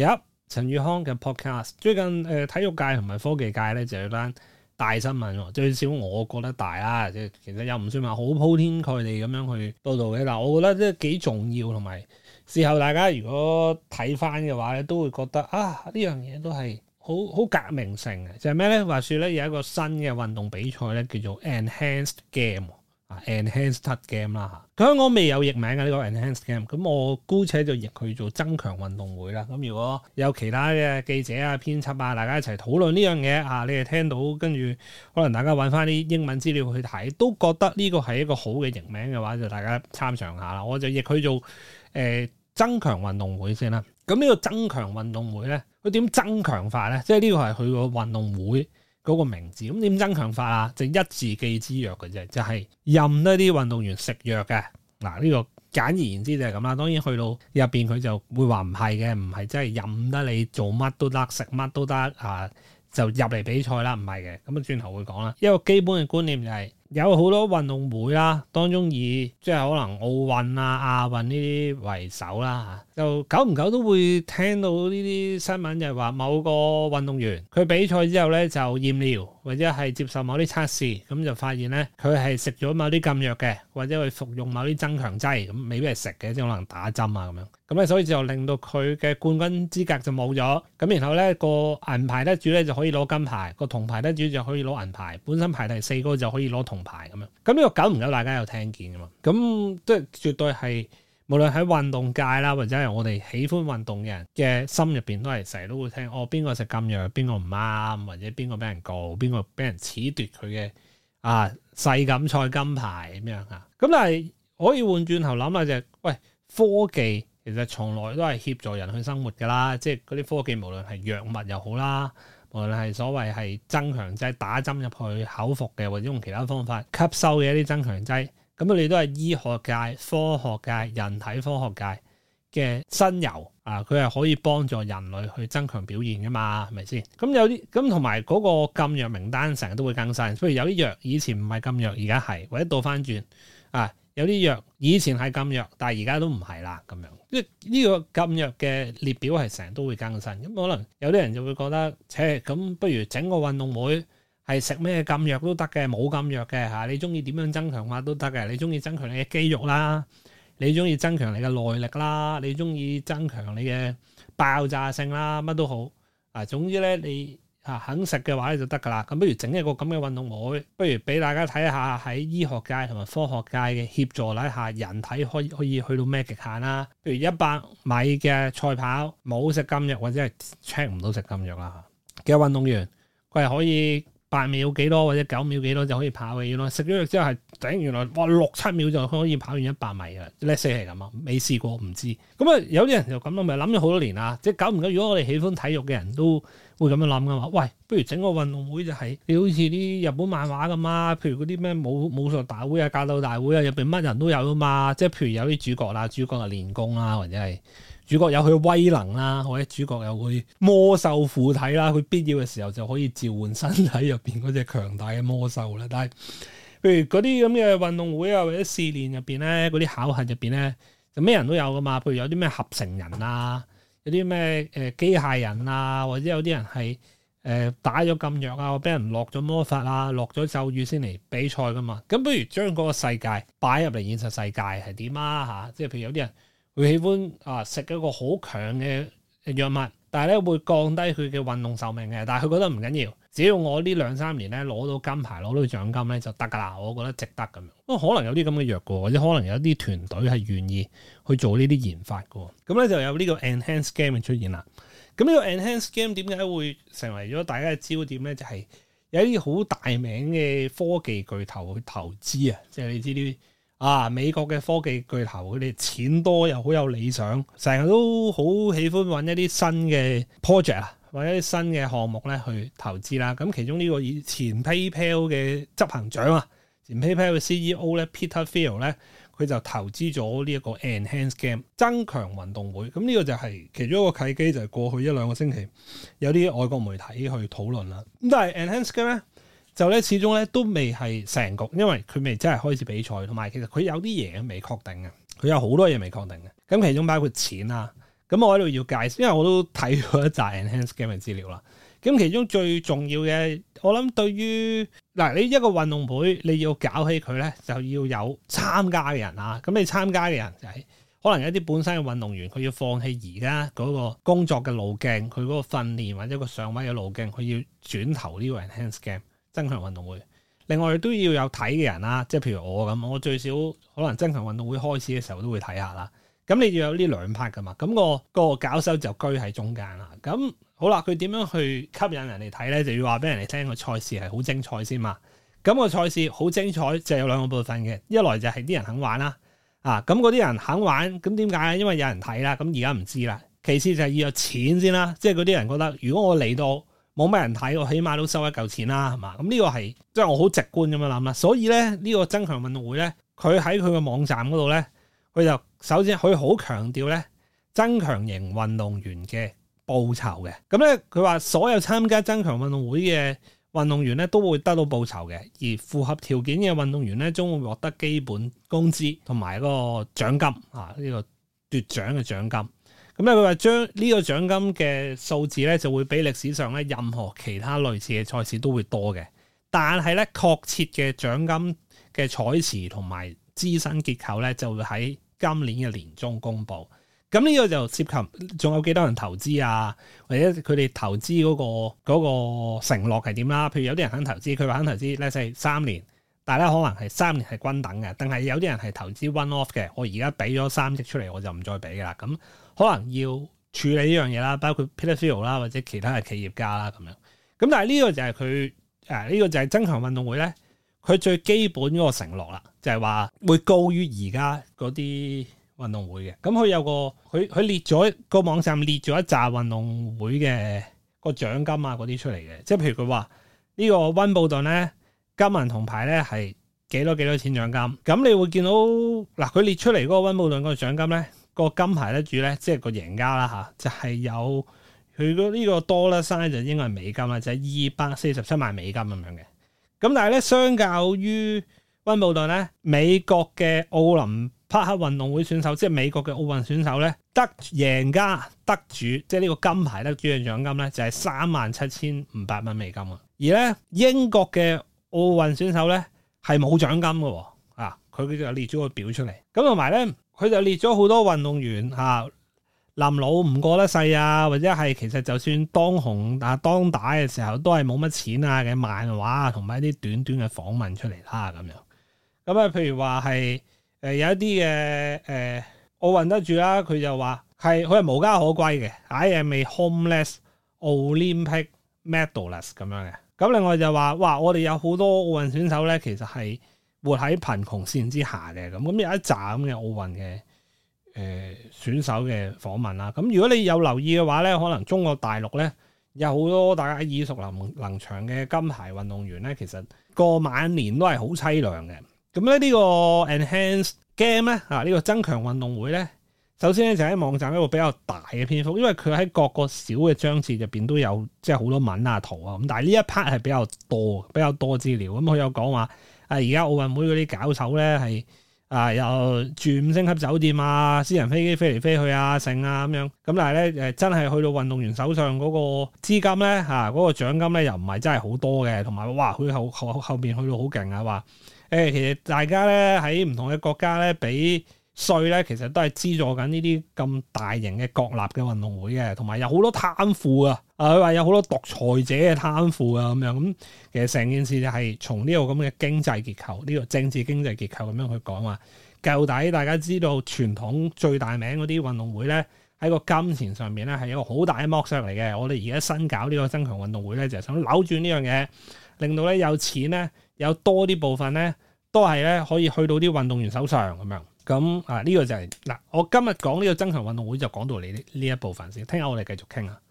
有陳宇康嘅 podcast，最近誒、呃、體育界同埋科技界咧，就有單大新聞，最少我覺得大啦。即係其實又唔算話好鋪天蓋地咁樣去報道嘅，但我覺得即係幾重要，同埋事後大家如果睇翻嘅話咧，都會覺得啊，呢樣嘢都係好好革命性嘅。就係咩咧？話說咧，有一個新嘅運動比賽咧，叫做 Enhanced Game。Enhanced Game 啦嚇，香港未有譯名嘅呢、呢個 enhanced game，咁我姑且就譯佢做增強運動會啦。咁如果有其他嘅記者啊、編輯啊，大家一齊討論呢樣嘢啊，你哋聽到跟住可能大家揾翻啲英文資料去睇，都覺得呢個係一個好嘅譯名嘅話，就大家參詳下啦。我就譯佢做誒、呃、增強運動會先啦。咁呢個增強運動會咧，佢點增強法咧？即係呢個係佢個運動會。嗰個名字咁點增強法啊？就係、一字記之藥嘅啫，就係、是、任得啲運動員食藥嘅。嗱，呢個簡而言之就係咁啦。當然去到入邊佢就會話唔係嘅，唔係真係任得你做乜都得，食乜都得啊，就入嚟比賽啦，唔係嘅。咁啊，轉頭會講啦。一個基本嘅觀念就係、是。有好多運動會啦、啊，當中以即係可能奧運啊、亞運呢啲為首啦、啊，就久唔久都會聽到呢啲新聞，就係、是、話某個運動員，佢比賽之後咧就驗尿，或者係接受某啲測試，咁就發現咧，佢係食咗某啲禁藥嘅，或者佢服用某啲增強劑，咁未必係食嘅，即可能打針啊咁樣。咁咧，所以就令到佢嘅冠軍資格就冇咗。咁然後咧，個銀牌得主咧就可以攞金牌，個銅牌得主就可以攞銀牌，本身排第四嗰個就可以攞銅牌咁樣。咁、這、呢個久唔久大家有聽見噶嘛？咁即係絕對係。無論喺運動界啦，或者係我哋喜歡運動嘅人嘅心入邊，都係成日都會聽，哦邊個食禁藥，邊個唔啱，或者邊個俾人告，邊個俾人褫奪佢嘅啊世錦賽金牌咁樣吓。咁但係可以換轉頭諗下就係，喂科技其實從來都係協助人去生活噶啦，即係嗰啲科技無論係藥物又好啦，無論係所謂係增強劑打針入去口服嘅，或者用其他方法吸收嘅一啲增強劑。咁佢哋都係醫學界、科學界、人體科學界嘅新油啊！佢係可以幫助人類去增強表現噶嘛，係咪先？咁有啲咁同埋嗰個禁藥名單成日都會更新，所以有啲藥以前唔係禁藥，而家係，或者倒翻轉啊，有啲藥以前係禁藥，但係而家都唔係啦，咁樣即係呢個禁藥嘅列表係成日都會更新。咁、嗯、可能有啲人就會覺得，切咁不如整個運動會。係食咩禁藥都得嘅，冇禁藥嘅嚇、啊，你中意點樣增強法都得嘅，你中意增強你嘅肌肉啦，你中意增強你嘅耐力啦，你中意增強你嘅爆炸性啦，乜都好啊，總之咧你嚇肯食嘅話咧就得噶啦，咁不如整一個咁嘅運動會，我不如俾大家睇下喺醫學界同埋科學界嘅協助底下，人體可以可以去到咩極限啦？譬如一百米嘅賽跑，冇食禁藥或者係 check 唔到食禁藥啦嘅運動員，佢係可以。八秒幾多或者九秒幾多就可以跑嘅嘢咯，食咗藥之後係頂，原來哇六七秒就可以跑完一百米啊！叻死係咁啊，未試過唔知。咁啊有啲人就咁咯，咪諗咗好多年啦。即係久唔久，如果我哋喜歡體育嘅人都會咁樣諗嘅話。喂，不如整個運動會就係、是、你好似啲日本漫畫咁啊，譬如嗰啲咩武武術大會啊、格鬥大會啊，入邊乜人都有啊嘛。即係譬如有啲主角啦，主角就練功啦，或者係。主角有佢威能啦，或者主角有佢魔獸附體啦，佢必要嘅時候就可以召喚身體入邊嗰隻強大嘅魔獸啦。但係譬如嗰啲咁嘅運動會啊，或者試練入邊咧，嗰啲考核入邊咧，就咩人都有噶嘛。譬如有啲咩合成人啊，有啲咩誒機械人啊，或者有啲人係誒、呃、打咗禁藥啊，俾人落咗魔法啊，落咗咒語先嚟比賽噶嘛。咁不如將嗰個世界擺入嚟現實世界係點啊？吓，即係譬如有啲人。佢喜歡啊食一個好強嘅藥物，但係咧會降低佢嘅運動壽命嘅。但係佢覺得唔緊要，只要我呢兩三年咧攞到金牌，攞到獎金咧就得噶啦。我覺得值得咁樣。哦，可能有啲咁嘅藥嘅，或者可能有啲團隊係願意去做呢啲研發嘅。咁咧就有呢個 Enhanced Game 出現啦。咁呢個 Enhanced Game 點解會成為咗大家嘅焦點咧？就係、是、有啲好大名嘅科技巨頭去投資啊，即係你知啲。啊！美國嘅科技巨頭佢哋錢多又好有理想，成日都好喜歡揾一啲新嘅 project 啊，或者新嘅項目咧去投資啦。咁其中呢個以前 PayPal 嘅執行長啊，前 PayPal 嘅 CEO 咧 Peter Thiel 咧，佢就投資咗呢一個 Enhanced Game 增強運動會。咁、這、呢個就係其中一個契機，就係、是、過去一兩個星期有啲外國媒體去討論啦。咁但係 Enhanced Game。就始終咧都未係成局，因為佢未真係開始比賽，同埋其實佢有啲嘢未確定嘅，佢有好多嘢未確定嘅。咁其中包括錢啊，咁我喺度要介紹，因為我都睇過一紮 Enhance Game 嘅資料啦。咁其中最重要嘅，我諗對於嗱你一個運動會，你要搞起佢咧，就要有參加嘅人啊。咁你參加嘅人就係可能一啲本身嘅運動員，佢要放棄而家嗰個工作嘅路徑，佢嗰個訓練或者個上位嘅路徑，佢要轉投呢個 Enhance Game。增強運動會，另外都要有睇嘅人啦，即係譬如我咁，我最少可能增強運動會開始嘅時候都會睇下啦。咁你要有呢兩 part 噶嘛，咁、個、我個搞手、個、就居喺中間啦。咁好啦，佢點樣去吸引人哋睇咧？就要話俾人哋聽、個賽事係好精彩先嘛。咁、個賽事好精彩，就、有兩個部分嘅，一來就係啲人肯玩啦，啊咁嗰啲人肯玩，咁點解？因為有人睇啦，咁而家唔知啦。其次就係要有錢先啦，即係嗰啲人覺得，如果我嚟到。冇咩人睇，我起碼都收一嚿錢啦，係嘛？咁呢個係即係我好直觀咁樣諗啦。所以咧，呢個增強運動會咧，佢喺佢個網站嗰度咧，佢就首先佢好強調咧，增強型運動員嘅報酬嘅。咁咧，佢話所有參加增強運動會嘅運動員咧，都會得到報酬嘅。而符合條件嘅運動員咧，將會獲得基本工資同埋個獎金啊！呢個奪獎嘅獎金。咁咧，佢話將呢個獎金嘅數字咧，就會比歷史上咧任何其他類似嘅賽事都會多嘅，但係咧，確切嘅獎金嘅彩池同埋資薪結構咧，就會喺今年嘅年中公布。咁、這、呢個就涉及仲有幾多人投資啊？或者佢哋投資嗰、那個那個承諾係點啦？譬如有啲人肯投資，佢話肯投資，呢就係三年，但係咧可能係三年係均等嘅，但係有啲人係投資 one off 嘅，我而家俾咗三億出嚟，我就唔再俾噶啦咁。嗯可能要處理呢樣嘢啦，包括 Peter Thiel 啦或者其他嘅企業家啦咁樣。咁但係呢個就係佢誒，呢個就係增強運動會咧，佢最基本嗰個承諾啦，就係話會高於而家嗰啲運動會嘅。咁佢有個佢佢列咗個網站，列咗一紮運動會嘅個獎金啊嗰啲出嚟嘅，即係譬如佢話、這個、呢個温布頓咧，金銀銅牌咧係幾多幾多錢獎金。咁你會見到嗱佢、啊、列出嚟嗰個温布頓個獎金咧。個金牌得主咧，即係個贏家啦吓，就係、是、有佢嗰呢個多啦，差就應該係美金啦，就係二百四十七萬美金咁樣嘅。咁但係咧，相較於温布頓咧，美國嘅奧林匹克運動會選手，即係美國嘅奧運選手咧，得贏家得主，即係呢個金牌得主嘅獎金咧，就係、是、三萬七千五百蚊美金啊。而咧英國嘅奧運選手咧係冇獎金嘅，啊，佢就列咗個表出嚟，咁同埋咧。佢就列咗好多運動員嚇、啊，林老唔過得世啊，或者係其實就算當紅啊當打嘅時候都係冇乜錢啊嘅漫畫啊，同埋一啲短短嘅訪問出嚟啦咁樣。咁啊，譬如話係誒有一啲嘅誒奧運得住啦、啊，佢就話係佢係無家可歸嘅，I am a homeless Olympic medalist 咁樣嘅。咁、啊、另外就話哇，我哋有好多奧運選手咧，其實係。活喺貧窮線之下嘅。咁咁有一集咁嘅奧運嘅誒選手嘅訪問啦，咁如果你有留意嘅話咧，可能中國大陸咧有好多大家耳熟能能詳嘅金牌運動員咧，其實過晚年都係好凄涼嘅。咁咧呢個 Enhanced Game 咧，啊呢個增強運動會咧，首先咧就喺、是、網站一個比較大嘅篇幅，因為佢喺各個小嘅章節入邊都有即係好多文啊、圖啊，咁但係呢一 part 係比較多比較多資料，咁、嗯、佢有講話。係而家奧運會嗰啲搞手咧係啊，又住五星級酒店啊，私人飛機飛嚟飛去啊，剩啊咁樣。咁但係咧誒，真係去到運動員手上嗰個資金咧嚇，嗰、嗰個獎金咧又唔係真係好多嘅，同埋哇，佢後後後面去到好勁啊，話誒、欸，其實大家咧喺唔同嘅國家咧比稅咧，稅其實都係資助緊呢啲咁大型嘅國立嘅運動會嘅，同埋有好多貪腐啊！啊，佢話有好多獨裁者嘅貪腐啊，咁樣咁，其實成件事就係從呢個咁嘅經濟結構，呢、呢個政治經濟結構咁樣去講話。舊底，大家知道傳統最大名嗰啲運動會咧，喺個金錢上面咧係有個好大嘅剝削嚟嘅。我哋而家新搞呢個增強運動會咧，就係、係、想扭轉呢樣嘢，令到咧有錢咧有多啲部分咧，都係咧可以去到啲運動員手上咁樣。咁、嗯、啊、呢、這個就係、是、嗱、啊，我今日講呢個增強運動會就講到你呢呢一部分先，聽日我哋繼續傾啊。